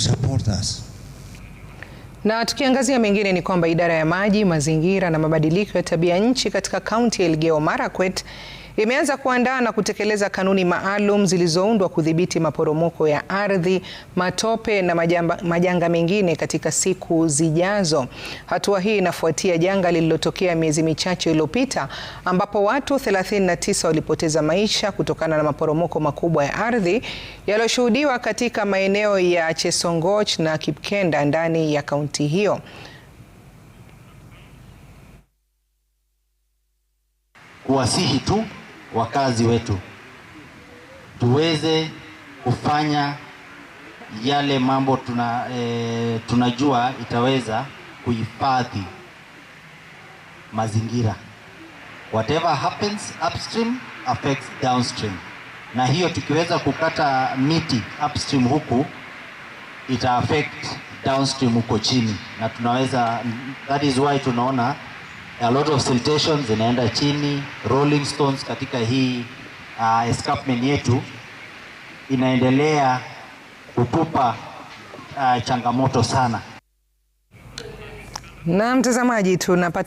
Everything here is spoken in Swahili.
support us. Na tukiangazia mengine ni kwamba idara ya maji, mazingira na mabadiliko ya tabia nchi katika kaunti ya Elgeyo Marakwet imeanza kuandaa na kutekeleza kanuni maalum zilizoundwa kudhibiti maporomoko ya ardhi, matope na majamba, majanga mengine katika siku zijazo. Hatua hii inafuatia janga lililotokea miezi michache iliyopita ambapo watu 39 walipoteza maisha kutokana na maporomoko makubwa ya ardhi yaliyoshuhudiwa katika maeneo ya Chesongoch na Kipkenda ndani ya kaunti hiyo. Kuwasihi tu wakazi wetu tuweze kufanya yale mambo tuna, e, tunajua itaweza kuhifadhi mazingira. Whatever happens upstream affects downstream, na hiyo tukiweza kukata miti upstream huku ita affect downstream huko chini, na tunaweza that is why tunaona a lot of siltations zinaenda chini, rolling stones katika hii uh, escarpment yetu inaendelea kutupa uh, changamoto sana. Na mtazamaji tunapata